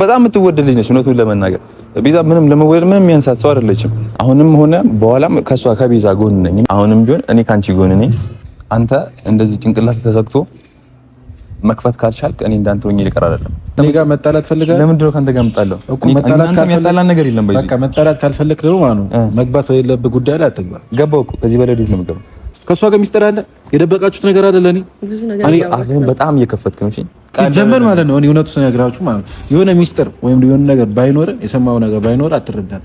በጣም የምትወደድ ልጅ ነች። እውነቱን ለመናገር ቤዛ ምንም ለመወደድ ምንም የሚያንሳት ሰው አይደለችም። አሁንም ሆነ በኋላም ከእሷ ከቤዛ ጎን ነኝ። አሁንም ቢሆን እኔ ከአንቺ ጎን ነኝ። አንተ እንደዚህ ጭንቅላት ተሰግቶ መክፈት ካልቻልክ እኔ እንዳንተ ሆኜ ልቀር አይደለም። እኔ ጋር መጣላት ፈልጋለህ? ለምንድን ነው ከአንተ ጋር የምጣለው? የሚያጣላን ነገር የለም። በቃ መጣላት ካልፈለክ ደግሞ መግባት የለብህ ጉዳይ ላይ አትግባ። ገባሁ እኮ ከዚህ በላይ ነው የምገባው ከእሷ ጋር ሚስጥር አለ፣ የደበቃችሁት ነገር አለ። ለእኔ እኔ አሁን በጣም እየከፈትክ ነው ሲጀመር ማለት ነው። እኔ እውነቱ ስነግራችሁ ማለት ነው የሆነ ሚስጥር ወይም የሆነ ነገር ባይኖር የሰማው ነገር ባይኖር አትረዳም።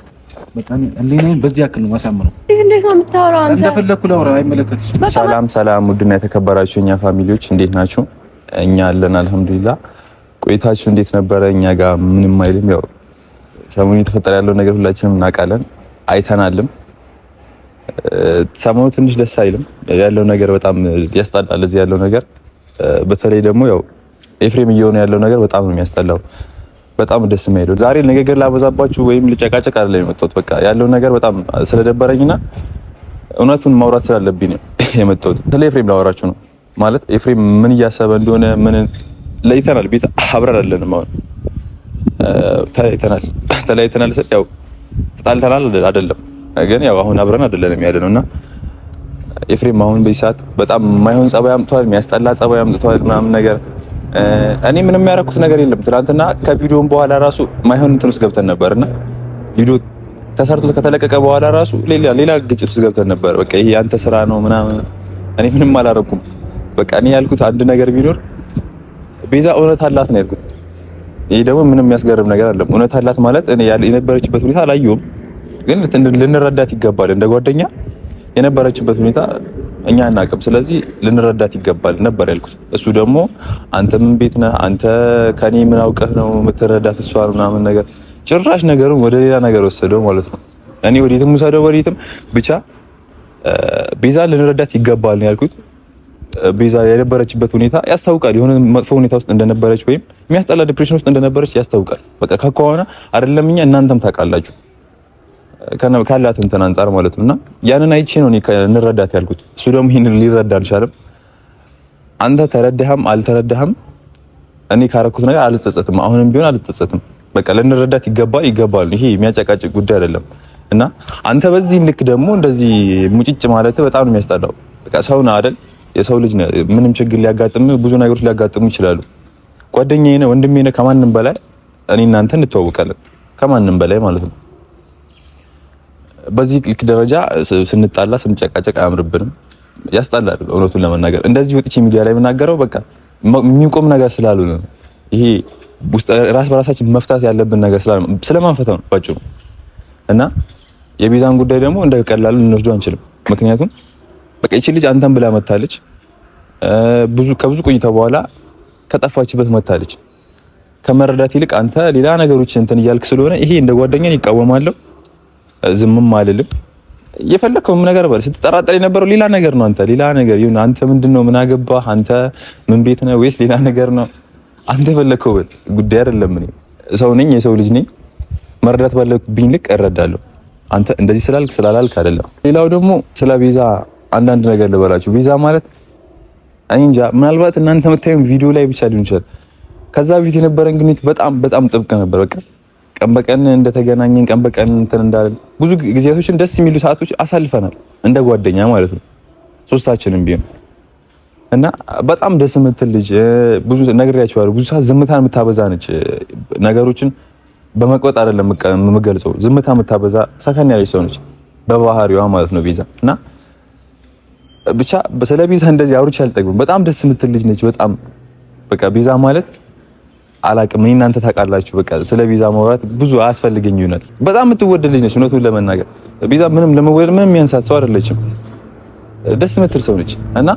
በዚህ ያክል ነው ማሳምነው። እንደፈለግኩ ላውራ አይመለከትሽም። ሰላም ሰላም፣ ውድና የተከበራችሁ እኛ ፋሚሊዎች እንዴት ናችሁ? እኛ አለን አልሐምዱሊላ። ቆይታችሁ እንዴት ነበረ? እኛ ጋር ምንም አይልም። ያው ሰሞኑን የተፈጠረ ያለው ነገር ሁላችንም እናውቃለን አይተናልም ሰሞኑ ትንሽ ደስ አይልም ያለው ነገር፣ በጣም ያስጠላል። እዚህ ያለው ነገር በተለይ ደግሞ ያው ኤፍሬም እየሆነ ያለው ነገር በጣም ነው የሚያስጠላው። በጣም ደስ የማይለው ዛሬ ንግግር ላበዛባችሁ ወይም ልጨቃጨቅ አይደለም የመጣሁት። በቃ ያለው ነገር በጣም ስለደበረኝና እውነቱን ማውራት ስላለብኝ የመጣሁት። ስለ ኤፍሬም ላወራችሁ ነው ማለት ኤፍሬም ምን እያሰበ እንደሆነ ምን ለይተናል። ቤት አብረን አለንም አሁን ተለያይተናል። ተለያይተናል ስል ያው ተጣልተናል አይደለም ግን ያው አሁን አብረን አይደለንም ያለ ነውና ኤፍሬም አሁን በዚህ ሰዓት በጣም የማይሆን ጸባይ አምጥቷል፣ የሚያስጠላ ጸባይ አምጥቷል ምናምን ነገር እኔ ምንም ያደረኩት ነገር የለም። ትናንትና ከቪዲዮም በኋላ ራሱ ማይሆን እንትን ውስጥ ገብተን ነበርና ቪዲዮ ተሰርቶ ከተለቀቀ በኋላ ራሱ ሌላ ሌላ ግጭት ውስጥ ገብተን ነበር። በቃ ይሄ አንተ ስራ ነው ምናምን። እኔ ምንም አላደረኩም። በቃ እኔ ያልኩት አንድ ነገር ቢኖር ቤዛ እውነት አላት ነው ያልኩት። ይሄ ደግሞ ምንም የሚያስገርም ነገር አለም። እውነት አላት ማለት እኔ የነበረችበት ሁኔታ አላየሁም። ግን ልንረዳት ይገባል። እንደ ጓደኛ የነበረችበት ሁኔታ እኛ አናውቅም። ስለዚህ ልንረዳት ይገባል ነበር ያልኩት። እሱ ደግሞ አንተ ምን ቤት ነህ አንተ ከኔ ምን አውቀህ ነው የምትረዳት እሷን ምናምን ነገር ጭራሽ ነገሩን ወደ ሌላ ነገር ወሰደው ማለት ነው። እኔ ወዴትም ውሰደው ወዴትም ብቻ ቤዛ ልንረዳት ይገባል ያልኩት። ቤዛ የነበረችበት ሁኔታ ያስታውቃል። የሆነ መጥፎ ሁኔታ ውስጥ እንደነበረች ወይም የሚያስጠላ ዲፕሬሽን ውስጥ እንደነበረች ያስታውቃል። በቃ ከሆነ አይደለም እኛ እናንተም ታውቃላችሁ። ካላት እንትን አንጻር ማለት ነውና ያንን አይቼ ነው እንረዳት ያልኩት። እሱ ደግሞ ይሄንን ሊረዳ አልቻለም። አንተ ተረዳህም አልተረዳህም እኔ ካረኩት ነገር አልጸጸትም። አሁንም ቢሆን አልጸጸትም። በቃ ልንረዳት ይገባል ይገባል። ይሄ የሚያጨቃጭቅ ጉዳይ አይደለም። እና አንተ በዚህ ልክ ደግሞ እንደዚህ ሙጭጭ ማለት በጣም ነው የሚያስጠላው። በቃ ሰው ነው አይደል? የሰው ልጅ ነው። ምንም ችግር ሊያጋጥም ብዙ ነገሮች ሊያጋጥሙ ይችላሉ። ጓደኛዬ ነው ወንድሜ ነው። ከማንም በላይ እኔ እናንተ እንተዋወቃለን ከማንም በላይ ማለት ነው። በዚህ ልክ ደረጃ ስንጣላ ስንጨቃጨቅ አያምርብንም፣ ያስጣላል። እውነቱን ለመናገር እንደዚህ ወጥቼ ሚዲያ ላይ የምናገረው በቃ የሚቆም ነገር ስላሉ ነው። ይሄ ራስ በራሳችን መፍታት ያለብን ነገር ስለማንፈተው ነው ባጭሩ። እና የቤዛን ጉዳይ ደግሞ እንደ ቀላሉ አንችልም። ምክንያቱም በቃ ይቺ ልጅ አንተን ብላ መታለች። ብዙ ከብዙ ቆይታ በኋላ ከጠፋችበት መታለች። ከመረዳት ይልቅ አንተ ሌላ ነገሮች እንትን እያልክ ስለሆነ ይሄ እንደ ጓደኛን ይቃወማለሁ ዝምም አልልም። የፈለከውም ነገር በል። ስትጠራጠር የነበረው ሌላ ነገር ነው። አንተ ሌላ ነገር ይሁን አንተ ምንድነው? ምን አገባህ አንተ ምን ቤት ነው ወይስ ሌላ ነገር ነው? አንተ የፈለከው በል። ጉዳይ አይደለም። እኔ ሰው ነኝ፣ የሰው ልጅ ነኝ። መረዳት ባለብኝ ልክ እረዳለሁ። አንተ እንደዚህ ስላልክ ስላላልክ አይደለም። ሌላው ደግሞ ስለ ቤዛ አንዳንድ ነገር ልበላችሁ። ቤዛ ማለት እንጃ ምናልባት እናንተ የምታዩን ቪዲዮ ላይ ብቻ ሊሆን ይችላል። ከዛ ቤት የነበረን ግንኙነት በጣም በጣም ጥብቅ ነበር በቃ ቀን በቀን እንደተገናኘን ቀን በቀን እንትን እንዳለን ብዙ ጊዜያቶችን ደስ የሚሉ ሰዓቶች አሳልፈናል፣ እንደ ጓደኛ ማለት ነው ሶስታችንም ቢሆን እና በጣም ደስ የምትል ልጅ ብዙ ነግሬያቸዋለሁ። ብዙ ሰዓት ዝምታን የምታበዛ ነች። ነገሮችን በመቅበጥ አይደለም የምገልጸው፣ ዝምታ የምታበዛ ሰከን ያለች ሰው ነች በባህሪዋ ማለት ነው ቤዛ እና ብቻ ስለ ቤዛ እንደዚህ አውርቼ አልጠግብም። በጣም ደስ የምትል ልጅ ነች። በጣም በቃ ቤዛ ማለት አላቅም እኔ እናንተ ታውቃላችሁ። በቃ ስለ ቪዛ ማውራት ብዙ አያስፈልገኝ ይሆናል። በጣም የምትወደድ ልጅ ነች። እውነቱን ለመናገር ቤዛ ምንም ለመወደድ ምንም የሚያንሳት ሰው አይደለችም። ደስ የምትል ሰው ነች እና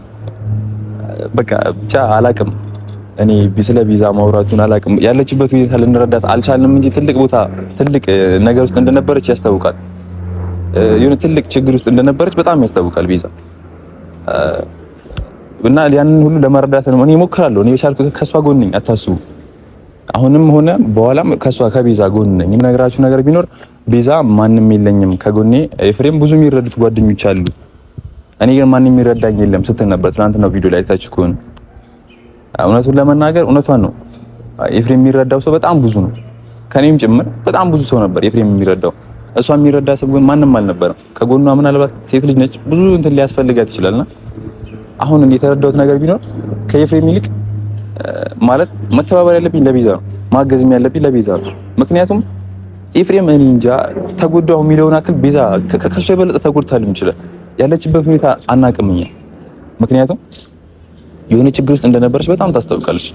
በቃ ብቻ አላቅም እኔ ስለ ቪዛ ማውራቱን አላቅም። ያለችበት ሁኔታ ልንረዳት አልቻልንም እንጂ ትልቅ ቦታ ትልቅ ነገር ውስጥ እንደነበረች ያስታውቃል። የሆነ ትልቅ ችግር ውስጥ እንደነበረች በጣም ያስታውቃል ቪዛ እና ያንን ሁሉ ለመረዳት ነው እኔ እሞክራለሁ። እኔ የቻልኩት ከእሷ ጎን ነኝ። አታስቡ አሁንም ሆነ በኋላም ከሷ ከቤዛ ጎን ነኝ። የምነግራችሁ ነገር ቢኖር ቤዛ ማንም የለኝም ከጎኔ። ኤፍሬም ብዙ የሚረዱት ጓደኞች አሉ፣ እኔ ግን ማንም የሚረዳኝ የለም ስትል ነበር ትናንትና ቪዲዮ ላይ አይታችሁ ከሆነ። እውነቱን ለመናገር እውነቷን ነው። ኤፍሬም የሚረዳው ሰው በጣም ብዙ ነው፣ ከኔም ጭምር በጣም ብዙ ሰው ነበር ኤፍሬም የሚረዳው። እሷ የሚረዳ ሰው ግን ማንም አልነበረም ከጎኗ። ምናልባት ሴት ልጅ ነች፣ ብዙ እንትን ሊያስፈልጋት ይችላልና አሁን የተረዳሁት ነገር ቢኖር ከኤፍሬም ይልቅ ማለት መተባበር ያለብኝ ለቤዛ ነው፣ ማገዝም ያለብኝ ለቤዛ ነው። ምክንያቱም ኤፍሬም እኔ እንጃ ተጎዳሁ የሚለውን አክል ቤዛ ከእሱ የበለጠ ተጎድታል ሊሆን ያለችበት ሁኔታ አናቅም ምክንያቱም የሆነ ችግር ውስጥ እንደነበረች በጣም ታስታውቃለች።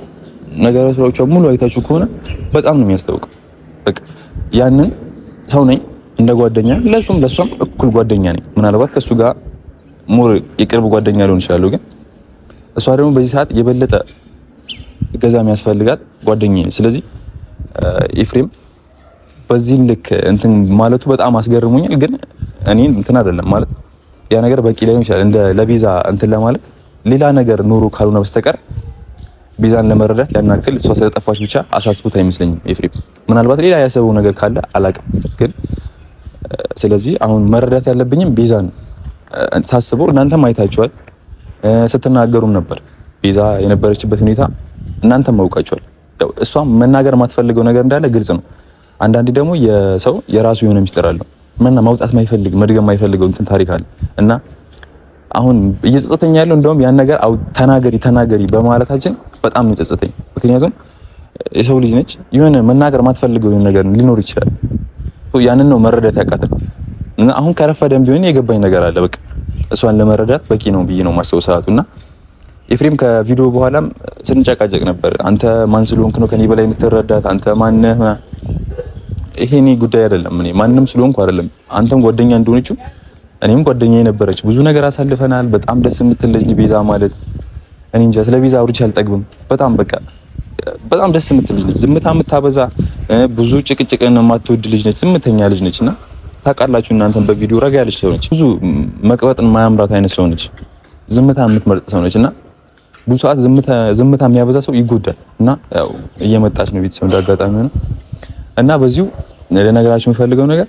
ነገረ ስራዎቿ ሙሉ አይታችሁ ከሆነ በጣም ነው የሚያስታውቀው። በቃ ያንን ሰው ነኝ እንደ ጓደኛ ለሱም ለሷም እኩል ጓደኛ ነኝ። ምናልባት ከሱ ጋር ሙር የቅርብ ጓደኛ ሊሆን ይችላሉ፣ ግን እሷ ደግሞ በዚህ ሰዓት የበለጠ ገዛ የሚያስፈልጋት ጓደኛዬ ነው። ስለዚህ ኤፍሬም በዚህ ልክ እንትን ማለቱ በጣም አስገርሞኛል። ግን እኔ እንትን አይደለም ማለት ያ ነገር በቂ ላይሆን ይችላል እንደ ለቤዛ እንትን ለማለት ሌላ ነገር ኑሮ ካልሆነ በስተቀር ቤዛን ለመረዳት ያናክል እሷ ስለጠፋች ብቻ አሳስቡት አይመስለኝም። ኤፍሬም ምናልባት ሌላ ያሰበው ነገር ካለ አላቅም ግን ስለዚህ አሁን መረዳት ያለብኝም ቤዛን ታስቦ እናንተም አይታችኋል፣ ስትናገሩም ነበር ቤዛ የነበረችበት ሁኔታ እናንተ ማውቃችኋል። ያው እሷ መናገር የማትፈልገው ነገር እንዳለ ግልጽ ነው። አንዳንዴ ደግሞ የሰው የራሱ የሆነ ሚስጥር አለው መና ማውጣት ማይፈልግ መድገም ማይፈልገው እንትን ታሪክ አለ እና አሁን እየጸጸተኝ ያለው እንደውም ያን ነገር ተናገሪ ተናገሪ በማለታችን በጣም እየጸጸተኝ ምክንያቱም የሰው ልጅ ነች የሆነ መናገር ማትፈልገው የሆነ ነገር ሊኖር ይችላል። ያንን ነው መረዳት ያቃተል እና አሁን ከረፈደም ቢሆን የገባኝ ነገር አለ። በቃ እሷን ለመረዳት በቂ ነው ብዬ ነው ማሰብ ሰዓቱና ኤፍሬም ከቪዲዮ በኋላም ስንጨቃጨቅ ነበር። አንተ ማን ስለሆንክ ነው ከኔ በላይ የምትረዳት? አንተ ማነህ? ይሄ እኔ ጉዳይ አይደለም። እኔ ማንም ስለሆንኩ አይደለም። አንተም ጓደኛ እንደሆነችው እኔም ጓደኛ የነበረች ብዙ ነገር አሳልፈናል። በጣም ደስ የምትል ቤዛ ማለት እኔ እንጃ፣ ስለ ቤዛ አውርቼ አልጠግብም። በጣም በቃ በጣም ደስ የምትል ዝምታ የምታበዛ ብዙ ጭቅጭቅን የማትወድ ልጅ ነች። ዝምተኛ ልጅ ነች እና ታውቃላችሁ እናንተም በቪዲዮ ረጋ ያለች ሰው ነች። ብዙ መቅበጥን ማያምራት አይነት ሰው ነች። ዝምታ የምትመርጥ ሰው ነች እና ብዙ ሰዓት ዝምታ የሚያበዛ ሰው ይጎዳል። እና ያው እየመጣች ነው ቤተሰብ እንዳጋጣሚ ነው እና በዚሁ ለነገራችሁ የምፈልገው ነገር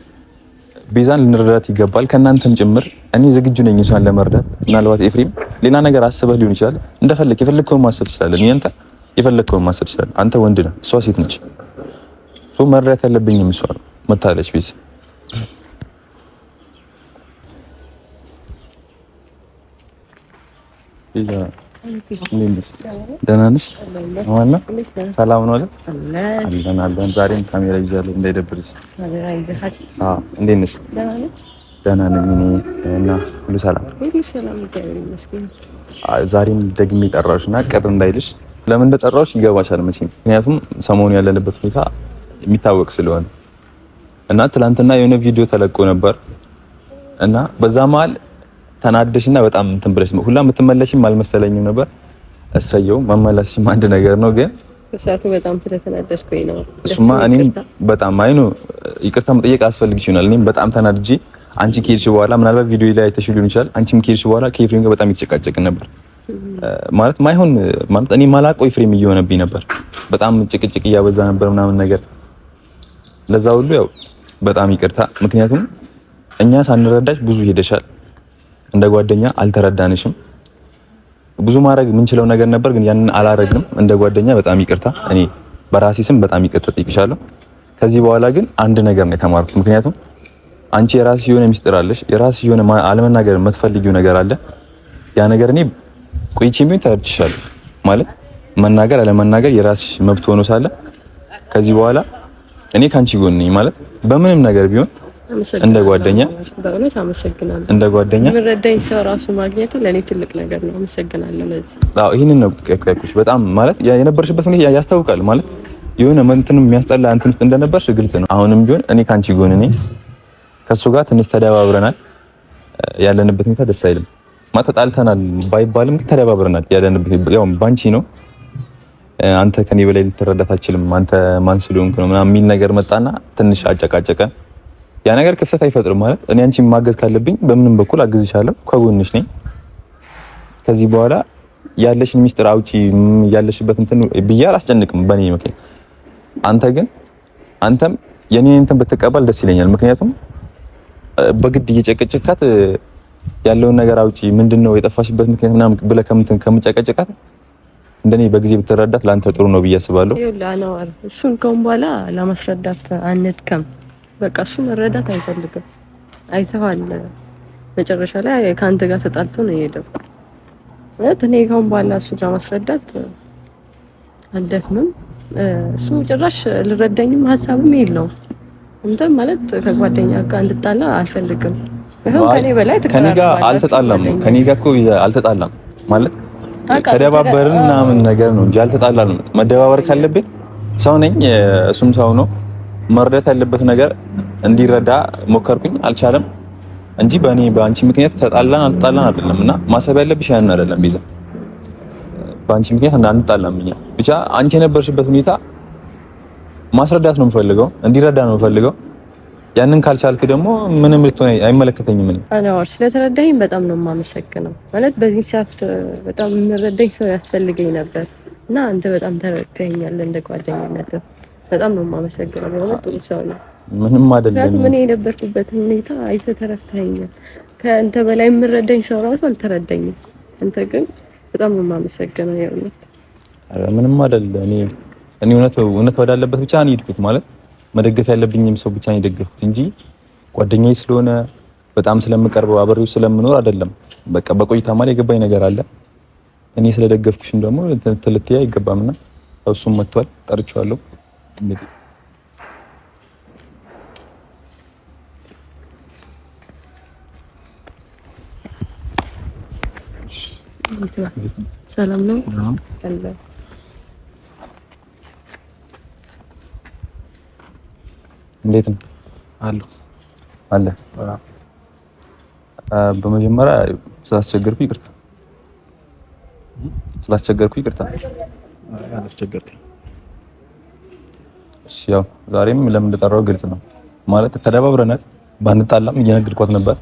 ቤዛን ልንረዳት ይገባል፣ ከእናንተም ጭምር። እኔ ዝግጁ ነኝ እሷን ለመርዳት። ምናልባት ኤፍሬም ሌላ ነገር አስበህ ሊሆን ይችላል። እንደፈለክ የፈለግከውን ማሰብ ትችላለህ። እኔ አንተ የፈለግከውን ማሰብ ትችላለህ። አንተ ወንድ ነህ፣ እሷ ሴት ነች። ሶ መርዳት ያለብኝ እሷ ነው። መታለች ቤዛ ቤዛ ደህና ነሽ? ሰላም ነው አለን አለን። ዛሬም ካሜራ ይዣለሁ እንዳይደብርሽ። እንዴት ነሽ? ደህና ነኝ እና ሁሉ ሰላም። ዛሬም ደግሜ ጠራሁሽ እና ቅር እንዳይልሽ ለምን እንደጠራሁሽ ይገባሻል መቼም፣ ምክንያቱም ሰሞኑ ያለንበት ሁኔታ የሚታወቅ ስለሆነ እና ትናንትና የሆነ ቪዲዮ ተለቆ ነበር እና በዛ መሀል ተናደሽና በጣም እንትን ብለሽ ሁላ የምትመለሽም አልመሰለኝም ነበር። እሰየው መመለስሽም አንድ ነገር ነው፣ ግን እሳቱ በጣም ስለተናደድኩኝ ነው። እሱማ እኔም በጣም አይኑ ይቅርታ መጠየቅ አስፈልግሽ ይሆናል። እኔም በጣም ተናድጂ አንቺ ከሄድሽ በኋላ ምናልባት ቪዲዮ ላይ አይተሽ ሊሆን ይችላል። አንቺም ከሄድሽ በኋላ ከኤፍሬም ጋር በጣም የተጨቃጨቅን ነበር። ማለት ማይሆን ማለት እኔ ማላቆ ኤፍሬም እየሆነብኝ ነበር። በጣም ጭቅጭቅ እያበዛ ነበር ምናምን ነገር። ለዛ ሁሉ ያው በጣም ይቅርታ፣ ምክንያቱም እኛ ሳንረዳሽ ብዙ ሄደሻል እንደ ጓደኛ አልተረዳንሽም። ብዙ ማድረግ የምንችለው ነገር ነበር፣ ግን ያንን አላረግንም። እንደ ጓደኛ በጣም ይቅርታ፣ እኔ በራሴ ስም በጣም ይቅርታ ጠይቅሻለሁ። ከዚህ በኋላ ግን አንድ ነገር ነው የተማርኩት። ምክንያቱም አንቺ የራስሽ የሆነ ሚስጥር አለሽ፣ የራስሽ የሆነ አለመናገር የምትፈልጊው ነገር አለ። ያ ነገር እኔ ቆይቼ ቢሆን ተረድቼሻለሁ። ማለት መናገር አለመናገር የራስሽ መብት ሆኖ ሳለ ከዚህ በኋላ እኔ ካንቺ ጎን ነኝ። ማለት በምንም ነገር ቢሆን እንደ ጓደኛ በእውነት አመሰግናለሁ። እንደ ጓደኛ የምረዳኝ ሰው ራሱ ማግኘት ለእኔ ትልቅ ነገር ነው። አመሰግናለሁ ለዚህ። አዎ ይሄንን ነው ያልኩሽ። በጣም ማለት የነበረሽበት ሁኔታ ያስታውቃል። ማለት የሆነ እንትንም የሚያስጠላ እንትን ውስጥ እንደነበርሽ ግልጽ ነው። አሁንም ቢሆን እኔ ካንቺ ጎን እኔ ከሱ ጋር ትንሽ ተደባብረናል። ያለንበት ሁኔታ ደስ አይልም። ማተጣልተናል ባይባልም ተደባብረናል። ያለንበት ያው ባንቺ ነው። አንተ ከኔ በላይ ልትረዳት አችልም፣ አንተ ማን ስለሆንክ ነው ምናምን የሚል ነገር መጣና ትንሽ አጨቃጨቀን። ያ ነገር ክፍተት አይፈጥርም ማለት እኔ አንቺ ማገዝ ካለብኝ በምንም በኩል አግዝሻለሁ፣ ከጎንሽ ነኝ። ከዚህ በኋላ ያለሽን ሚስጥር አውጪ ያለሽበት እንትን ብዬ አላስጨንቅም በእኔ ምክንያት። አንተ ግን አንተም የኔን እንትን ብትቀበል ደስ ይለኛል። ምክንያቱም በግድ እየጨቀጨካት ያለውን ነገር አውጪ ምንድነው የጠፋሽበት ምክንያት ምናምን ብለህ ከምትን ከምጨቀጭቃት እንደኔ በጊዜ ብትረዳት ለአንተ ጥሩ ነው ብዬ አስባለሁ። እሱን ከሁን በኋላ ለማስረዳት አንድከም በቃ እሱ መረዳት አይፈልግም። አይተዋል። መጨረሻ ላይ ከአንተ ጋር ተጣልቶ ነው የሄደው። ማለት እኔ ካሁን በኋላ እሱ ጋር ማስረዳት አልደክምም። እሱ ጭራሽ ልረዳኝም ሀሳብም የለውም። እንትን ማለት ከጓደኛ ጋር እንድጣላ አልፈልግም። ይሄው ከኔ በላይ ከኔ ጋር አልተጣላም። ከኔ ጋር እኮ አልተጣላም ማለት ተደባበርን ምናምን ነገር ነው እንጂ አልተጣላንም። መደባበር ካለብኝ ሰው ነኝ፣ እሱም ሰው ነው መርዳት ያለበት ነገር እንዲረዳ ሞከርኩኝ፣ አልቻለም እንጂ በእኔ በአንቺ ምክንያት ተጣላን አልተጣላን አይደለም። እና ማሰብ ያለብሽ ያንን አይደለም ቢዛ በአንቺ ምክንያት አንጣላም እኛ ብቻ። አንቺ የነበርሽበት ሁኔታ ማስረዳት ነው የምፈልገው፣ እንዲረዳ ነው የምፈልገው። ያንን ካልቻልክ ደግሞ ምንም ልትሆን አይመለከተኝም። ምን አንዋር ስለተረዳኝ በጣም ነው የማመሰግነው። ማለት በዚህ ሰዓት በጣም የምረዳኝ ሰው ያስፈልገኝ ነበር እና አንተ በጣም ተረድተኸኛል እንደ ጓደኝነት በጣም ነው የማመሰግነው። በእውነት ጥሩ ሰው ነው። ምንም አይደለም። ምን የነበርኩበት ሁኔታ አይተህ ተረድተኸኛል። ከአንተ በላይ የምረዳኝ ሰው ራሱ አልተረዳኝም። አንተ ግን በጣም ነው የማመሰግነው። የእውነት ኧረ ምንም አይደለም። እኔ እኔ እውነት እውነት ወዳለበት ብቻ ነው የሄድኩት። ማለት መደገፍ ያለብኝም ሰው ብቻ ነው የደገፍኩት እንጂ ጓደኛዬ ስለሆነ በጣም ስለምቀርበው አብሬው ስለምኖር አይደለም። በቃ በቆይታ ማለት የገባኝ ነገር አለ። እኔ ስለደገፍኩሽም ደግሞ ትልትያ አይገባምና እሱም መጥቷል፣ ጠርቼዋለሁ እንግዲህ ሰላም ነው። እንዴት ነው? አለ አለ። በመጀመሪያ ስላስቸገርኩ ይቅርታ፣ ስላስቸገርኩ ይቅርታ። አላስቸገርኩኝ ያው ዛሬም ለምን እንደጠራው ግልጽ ነው ማለት ተደባብረናል። ባንጣላም እየነገርኳት ነበር።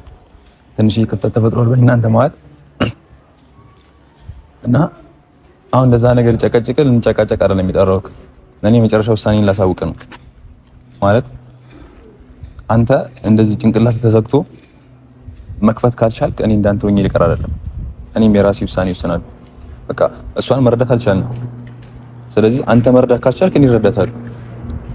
ትንሽ ክፍተት ተፈጥሯል በእናንተ መሀል እና አሁን እንደዛ ነገር ጨቀጭቅ ልንጨቃጨቅ አይደለም የሚጠራው። እኔ የመጨረሻ ውሳኔን ላሳውቅ ነው ማለት አንተ እንደዚህ ጭንቅላት ተዘግቶ መክፈት ካልቻልክ እኔ እንዳንተ ሆኜ ልቀር አይደለም። እኔም የራሴ ውሳኔ ይወስናል። በቃ እሷን መረዳት አልቻልንም። ስለዚህ አንተ መረዳት ካልቻልክ እኔ እረዳታለሁ።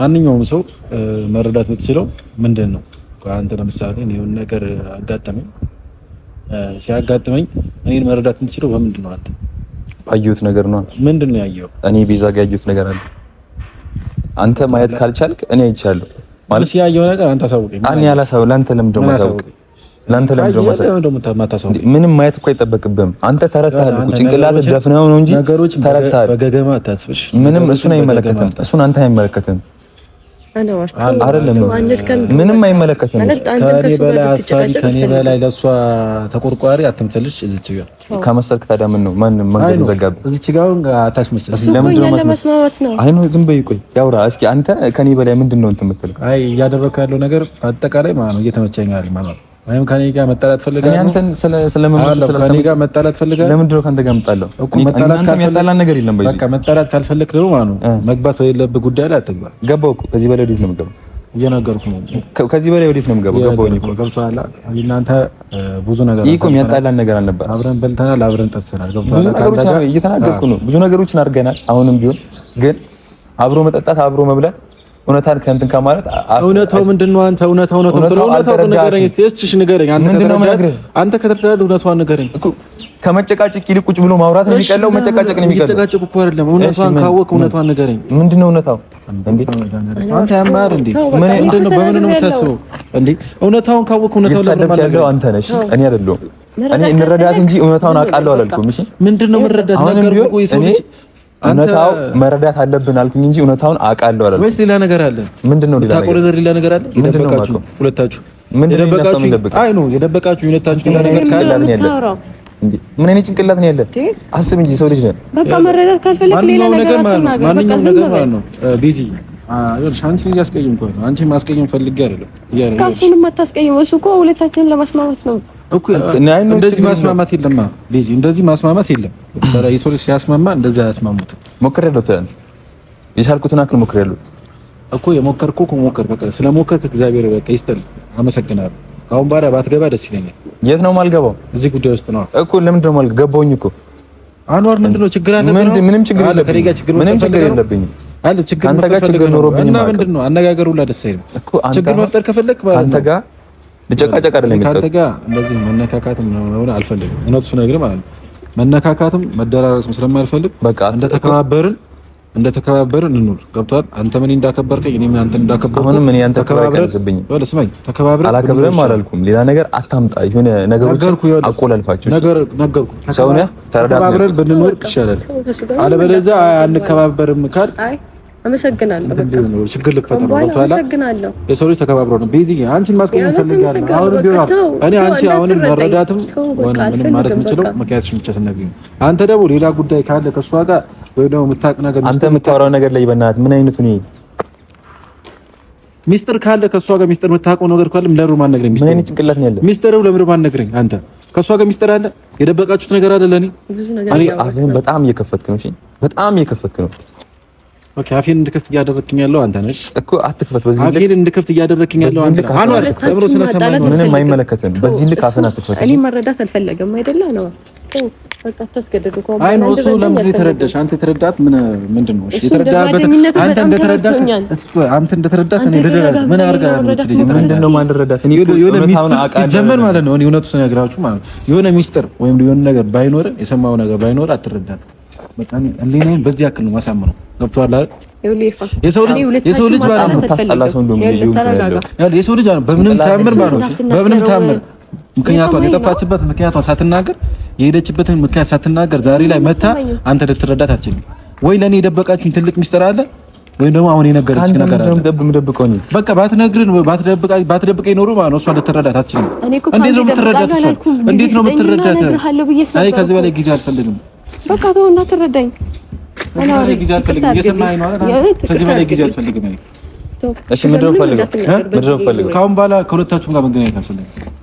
ማንኛውም ሰው መረዳት የምትችለው ምንድን ነው? አንተ ለምሳሌ የሆነ ነገር አጋጠመኝ፣ ሲያጋጥመኝ እኔን መረዳት የምትችለው በምንድን ነው? አንተ ባየሁት ነገር ነው። ምንድን ነው ያየኸው? እኔ ቤዛ ጋር ያየሁት ነገር አለ። አንተ ማየት ካልቻልክ እኔ አይቻለሁ ማለት ያየው ነገር አንተ አሳውቀኝ። እኔ አላሳው ለአንተ ለምን ደሞ አሳውቀኝ ለአንተ ምንም ማየት እኮ አይጠበቅብህም። አንተ ተረታህ እኮ ጭንቅላት ደፍነው ነው እንጂ ተረታህ። በገገማ አታስብሽ። ምንም እሱን አይመለከትም። እሱን አንተ አይመለከትም። አይደለም ምንም አይመለከትም። ከኔ በላይ አሳቢ፣ ከኔ በላይ ለእሷ ተቆርቋሪ አትምሰልሽ። እዚች ጋር ከመሰልክ ታዲያ ምን ነው ማን ዘጋብህ? እዚች ጋር አታስመስል። ለምንድን ነው ነው? አይ ዝም በይ። ቆይ ያውራ እስኪ አንተ ከኔ በላይ ምንድን ነው እንትን የምትለው? አይ ያለው ነገር አጠቃላይ ማለት ነው እየተመቸኝ አይደል ማለት ነው ወይም ከኔ ጋር መጣላት ፈልጋለሁ። አንተን ስለ ስለመመለስ ስለ ከኔ ጋር መጣላት ፈልጋለሁ። ለምንድን ነው ከአንተ ጋር መጣለው እኮ መጣላት ካልፈለግ ነገር የለም። በዚህ በቃ መጣላት ካልፈለግ ደግሞ ማለት ነው መግባት የለብህ ጉዳይ ላይ አትግባ። ገባሁ እኮ ከዚህ በላይ ወዴት ነው የምገባው? እየነገርኩ ነው። ከዚህ በላይ ወዴት ነው የምገባው? ገባሁኝ እኮ ገብቶሃል። እናንተ ብዙ ነገር ይሄ እኮ የሚያጣላን ነገር አልነበረም። አብረን በልተናል፣ አብረን ጠጥተናል። ገብቶሃል። ብዙ ነገሮች እየተናገርኩህ ነው። ብዙ ነገሮችን አድርገናል። አሁንም ቢሆን ግን አብሮ መጠጣት አብሮ መብላት እውነታን ከእንትን ከማለት እውነታው ምንድን ነው? አንተ እውነታው እውነታው ብሎ እውነታው ንገረኝ እስቲ እሺ፣ ንገረኝ። አንተ አንተ ከተረዳህ እውነቷን ንገረኝ። ከመጨቃጨቅ ይልቅ ቁጭ ብሎ ማውራት ነው የሚቀለው። መጨቃጨቅ ነው የሚቀለው። መጨቃጨቅ እኮ አይደለም። እውነቷን ካወቅ እውነቷን ንገረኝ። ምንድን ነው እውነታው? እንዴ አንተ ያማር እንዴ ምን ምንድን ነው? በምን ነው የምታስበው? እንዴ እውነታውን ካወቅ እውነታውን ለማለት ያለው አንተ ነህ፣ እኔ አይደለሁም። እኔ እንረዳት እንጂ እውነታውን አውቃለሁ አላልኩም። እሺ ምንድን ነው የምንረዳት ነገር ነው እውነታው መረዳት አለብን አልኩኝ እንጂ እውነታውን አውቃለሁ አላልኩም። ወይስ ሌላ ነገር አለ? ምንድን ነው ሌላ ነገር? ሌላ ነገር አለ። የደበቃችሁ ሁለታችሁ ምንድን ነው የደበቃችሁ? ሁለታችሁ ሌላ ነገር ካለ ምን አይነት ጭንቅላት ነው ያለ? አስብ እንጂ ሰው ልጅ ነን። በቃ መረዳት ካልፈለክ ሌላ ነገር ማለት ነው። ማንኛውም ነገር ማለት ነው። ቢዚ አንቺ እያስቀየምኩ ነው። አንቺ ማስቀየም ፈልጌ አይደለም። እሱንም አታስቀይም። እሱ እኮ ሁለታችንን ለማስማማት ነው እንደዚህ ማስማማት የለም። ቤዚ እንደዚህ ማስማማት የለም። የሰው ልጅ ሲያስማማ እንደዚህ አያስማሙት። ሞክሬያለሁ፣ ትናንት የቻልኩትን አክል ሞክሬያለሁ እኮ የሞከርኩ እኮ ሞከር በቃ ስለሞከርክ እግዚአብሔር በቃ ይስጥል፣ አመሰግናለሁ። አሁን ባሪያ ባትገባ ደስ ይለኛል። የት ነው የማልገባው? እዚህ ጉዳይ ውስጥ ነው እኮ። ለምንድን ነው የማልገባው? እኮ አንዋር፣ ምንድን ነው ችግር አለ? አለብህ? ምንም ችግር የለብኝም። ምንም ችግር የለብኝም አንተ ጋር ችግር ኖሮብኝ እና ምንድን ነው አነጋገሩ ሁላ ደስ አይልም እኮ አንተ ጋር ልጨቃጨቅ አይደለም የመጣሁት ከአንተ ጋር እንደዚህ መነካካትም ሆነ አልፈልግም። እውነቱ ስነግርህ ማለት ነው መነካካትም መደራረስም ስለማልፈልግ በቃ እንደተከባበርን እንደተከባበርን እንኑር። ገብቶሃል? አንተ ምን እንዳከበርከኝ እኔ አንተ እንዳከበርከኝ አሁንም እኔ ተከባብረን ወለ ስማኝ፣ ተከባብረን አላከብረም አላልኩም። ሌላ ነገር አታምጣ። የሆነ ነገሮች አቆላልፋችሁ ነገር ነገርኩ። ሰው ነህ፣ ተረዳህ። ተከባብረን ብንኖር ይሻላል። አለበለዚያ አንከባበርም ካል አመሰግናለሁ። ችግር ልፈጠር ነው። የሰው ልጅ ተከባብሮ ነው። ቤዚ አንቺን ማስቆም እንፈልጋለን። አሁን ቢሆን እኔ አንቺ አሁንም መረዳትም ሆነ ምንም ማለት የምችለው ምክንያትሽን ብቻ ስትነግሪኝ፣ አንተ ደግሞ ሌላ ጉዳይ ካለ ከእሷ ጋር ወይ ደግሞ የምታውቅ ነገር አንተ የምታወራው ነገር ላይ በእናትህ ምን አይነቱ ነው? ሚስጥር ካለ ከእሷ ጋር ሚስጥር የምታውቀው ነገር ካለ ለምሩ ማነግረኝ? ሚስጥር ምን ጭንቅላት ነው ያለው? ሚስጥሩ ለምሩ ማነግረኝ? አንተ ከእሷ ጋር ሚስጥር አለ? የደበቃችሁት ነገር አለ? ለእኔ በጣም እየከፈትክ ነው። በጣም እየከፈትክ ነው። ኦኬ አፌን እንድከፍት እያደረክኝ ያለው አንተ ነሽ እኮ። አትክፈት። በዚህ ልክ አፌን እንድከፍት እያደረክኝ ያለው አንተ ነህ። አንዋር ተምሮ ስለተማረ ምንም አይመለከትም። በዚህ ልክ አፈን አትክፈት። እኔ መረዳት አልፈለገም አይደለ ነው። አንተ ምን እሺ አንተ አንተ እኔ ምን ነው እኔ ሲጀመር ማለት ነው እኔ እውነቱ ስነግራችሁ ማለት ነው የሆነ ሚስጥር ወይም የሆነ ነገር ባይኖር የሰማው ነገር ባይኖር አትረዳት በቃ ህሊናዬን በዚህ ያክል ነው ማሳምነው። ገብቶሃል አይደል? የሰው ልጅ የሰው ልጅ የሰው ልጅ በምንም ታምር በምንም ታምር ምክንያቷን የጠፋችበት ምክንያቷን ሳትናገር የሄደችበትን ምክንያት ሳትናገር ዛሬ ላይ መታ አንተ ልትረዳት አትችልም። ወይ ለእኔ የደበቃችሁኝ ትልቅ ሚስጥር አለ ወይም ደግሞ አሁን የነገረች ነገር አለ። በቃ ባትነግርን ባትደብቀኝ ኖሮ ማለት ነው እሷ ልትረዳት አትችልም። እንዴት ነው የምትረዳት? እሷ እንዴት ነው የምትረዳት? ከዚህ በላይ ጊዜ አልፈልግም። በቃ ተው፣ እንዳትረዳኝ። ጊዜ አልፈልግም። እየሰማኸኝ ነው አይደል? ከዚህ በላይ ጊዜ አልፈልግም። እሺ፣ ምንድን ነው የምፈልገው? ከአሁን በኋላ ከሁለታችሁም ጋር መገናኘት አልፈልግም።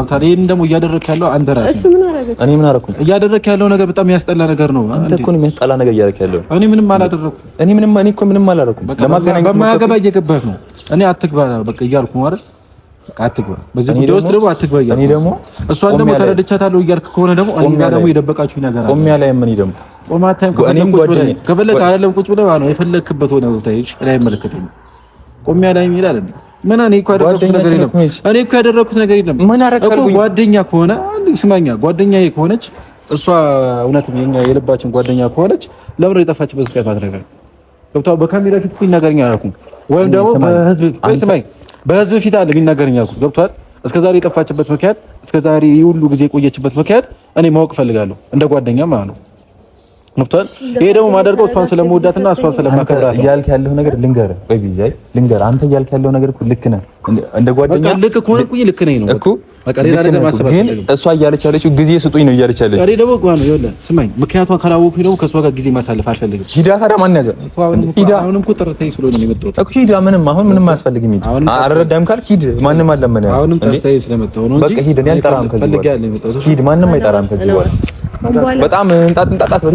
አብታሪ ይሄን ደግሞ እያደረክ ያለው አንተ ራስህ። እሱ ምን አደረገ? እኔ ምን አደረኩኝ? እያደረክ ያለው ነገር በጣም የሚያስጠላ ነገር ነው። አንተ እኮ ነው የሚያስጠላ ነገር እያደረክ ያለው። እኔ ምንም አላደረኩም። እኔ ምንም እኔ እኮ ምንም አላደረኩም። ለማገናኘት በማያገባ እየገባህ ነው። እኔ አትግባ በቃ እያልኩ ነው አይደል አትግባ። በዚህ ጉዳይ ውስጥ ደግሞ አትግባ እያልኩ እኔ ደግሞ እሷን ደግሞ ተረድቻታለሁ እያልክ ከሆነ ደግሞ እኔ ደግሞ የደበቃችሁኝ ነገር አለ። ቆሚያ ላይ ምን ይደም ቆማታ ይም ከፈለክ አይደለም ቁጭ ብለህ ነው የፈለክበት ሆነ ቦታ ሄድ ላይ መልከተኝ ቆሚያ ላይ ይላል እንዴ? ምን እኔ እኮ ያደረኩት ነገር የለም። እኔ እኮ ያደረኩት ነገር የለም። ምን አረከልኩ ጓደኛ ከሆነ ስማኛ፣ ጓደኛ ከሆነች እሷ እውነትም የኛ የልባችን ጓደኛ ከሆነች ለምን የጠፋችበት ምክንያት አትነግረን? ገብቶሃል? በካሜራ ፊት ይናገርኛ አላልኩም ወይም ደግሞ በህዝብ ስማኝ በህዝብ ፊት አለ ሊናገረኝ ያልኩት ገብቷል። እስከዛሬ የጠፋችበት ምክንያት፣ እስከዛሬ ሁሉ ጊዜ የቆየችበት ምክንያት እኔ ማወቅ ፈልጋለሁ፣ እንደ ጓደኛ ማለት ነው። ሞክቷል። ይሄ ደግሞ ማደርገው እሷን ስለምወዳትና እሷን ስለማከብራት እያልክ ያለው ነገር ልንገር፣ ወይ ቢያይ ልንገር። አንተ እያልክ ያለው ነገር እኮ ልክ ነህ። እንደ ጓደኛ ልክ ከሆነ እኮ ልክ ነኝ ነው እኮ። ግን እሷ እያለች ያለችው ጊዜ ስጡኝ ነው እያለች ያለችው። እኔ ደግሞ ጓኑ ነው ይኸውልህ፣ ስማኝ፣ ምክንያቷን ካላወኩኝ ደግሞ ከእሷ ጋር ጊዜ ማሳለፍ አልፈልግም። ሂዳ ታዲያ ማን ያዘ? ሂዳ አሁንም እኮ ጥርተኝ ስለሆነ ነው የመጣሁት እኮ። ሂዳ ምንም አሁን ምንም አያስፈልግም። ሂድ፣ አልረዳህም ካልክ ሂድ። ማንም አለመን ያው አሁንም ጥርተኝ ስለመጣሁ ነው እንጂ በቃ ሂድ። እኔ አልጠራህም ከዚህ በኋላ ሂድ። ማንም አይጠራህም ከዚህ በኋላ በጣም እንጣት እንጣጣት በል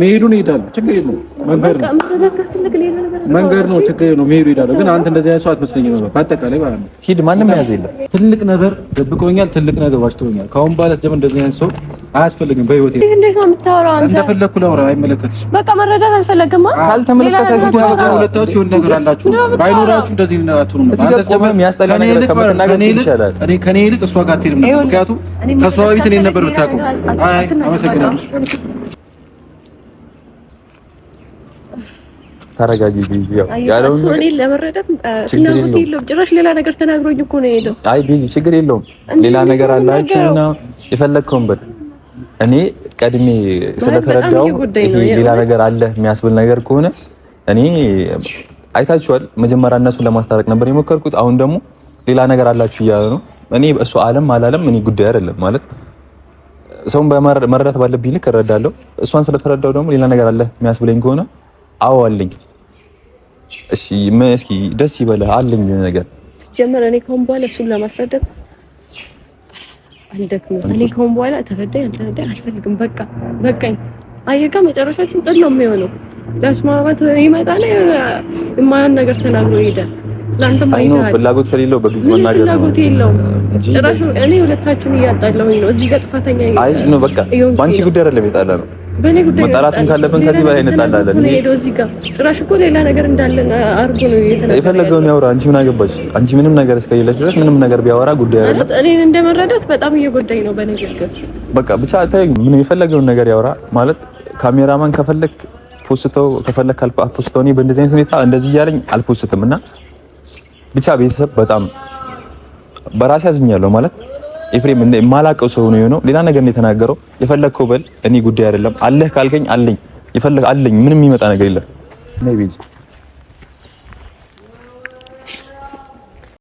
መሄዱን እሄዳለሁ። ችግር የለውም። መንገድ ነው መንገድ ነው። ችግር የለውም። መሄዱ እሄዳለሁ። ግን አንተ እንደዚህ አይነት ሰው አትመስለኝም ነበር። በአጠቃላይ ማለት ነው ሂድ። ማንም መያዝ የለም። ትልቅ ነገር ደብቆኛል። ትልቅ ነገር ዋሽቶኛል። ከአሁን በኋላ ደግሞ እንደዚህ አይነት ሰው አያስፈልግም በህይወት ይሄ እንዴት ነው የምታወራው አንተ? እንደፈለኩ ላውራ፣ አይመለከትሽም። በቃ መረዳት አልፈለግም። ካልተመለከታችሁ ሁለታችሁ የሆነ ነገር አላችሁ። ባይኖራችሁ እንደዚህ አትሆኑም። አንተስ ደግሞ የሚያስጠላ ነገር ከምትናገር ይሻላል። እኔ ከኔ ይልቅ እሷ ጋር አትሄድም ነበር። ምክንያቱም ከእሷ በፊት እኔን ነበር ብታውቀው። አይ አመሰግናለሁ። ተረጋጊ ቢዚ ያው ያለው ነው። እኔ ለመረዳት ፍላጎት የለውም ጭራሽ ሌላ ነገር ተናግሮኝ እኮ ነው የሄደው። አይ ቢዚ ችግር የለውም ሌላ ነገር አላችሁና የፈለግከውን በል እኔ ቀድሜ ስለተረዳው ይሄ ሌላ ነገር አለ የሚያስብል ነገር ከሆነ እኔ አይታችኋል። መጀመሪያ እነሱን ለማስታረቅ ነበር የሞከርኩት። አሁን ደግሞ ሌላ ነገር አላችሁ እያለ ነው። እኔ እሱ አለም አላለም እኔ ጉዳይ አይደለም ማለት ሰውን በመረዳት ባለብኝ ልክ እረዳለሁ። እሷን ስለተረዳው ደግሞ ሌላ ነገር አለ የሚያስብለኝ ከሆነ አዎ አለኝ። እሺ ምን እስኪ ደስ ይበልህ አለኝ ነገር ጀመረ። እኔ ከአሁን በኋላ እሱን ለማስረዳት አልደክምም። እኔ ከአሁን በኋላ ተረዳኝ አልተረዳኝ አልፈልግም። በቃ በቃኝ። አየጋ መጨረሻችን ጥል ነው የሚሆነው። ለስማማት ይመጣል፣ የማያን ነገር ተናግሮ ይሄዳል። ፍላጎት ከሌለው በግልጽ መናገር ነው። ፍላጎት የለውም ጭራሽ። እኔ ሁለታችሁን እያጣላሁኝ ነው። እዚህ ጋር ጥፋተኛ አይ ነው። በቃ ባንቺ ጉዳይ አይደለም የጣላ ነው መጣላትም ካለብን ከዚህ በላይ እንጣላለን። ጭራሽ እኮ ሌላ ነገር እንዳለን አድርጎ ነው የፈለገውን ያውራ። አንቺ ምን አገባሽ? አንቺ ምንም ነገር እስከሌለሽ ድረስ ምንም ነገር ቢያወራ ጉዳይ አይደለም። እኔን እንደመረዳት በጣም እየጎዳኝ ነው። በነገር ግን በቃ ብቻ ታይ ምን የፈለገውን ነገር ያውራ ማለት ካሜራማን ከፈለክ ፖስተው ከፈለክ አልፖስተው። እኔ በእንደዚህ አይነት ሁኔታ እንደዚህ እያለኝ አልፖስትም እና ብቻ ቤተሰብ በጣም በራሴ አዝኛለሁ ማለት ኤፍሬም የማላቀው ሰው ነው የሆነው። ሌላ ነገር ነው የተናገረው። የፈለግከው በል፣ እኔ ጉዳይ አይደለም። አለህ ካልከኝ አለኝ፣ የፈለግ አለኝ። ምንም የሚመጣ ነገር የለም።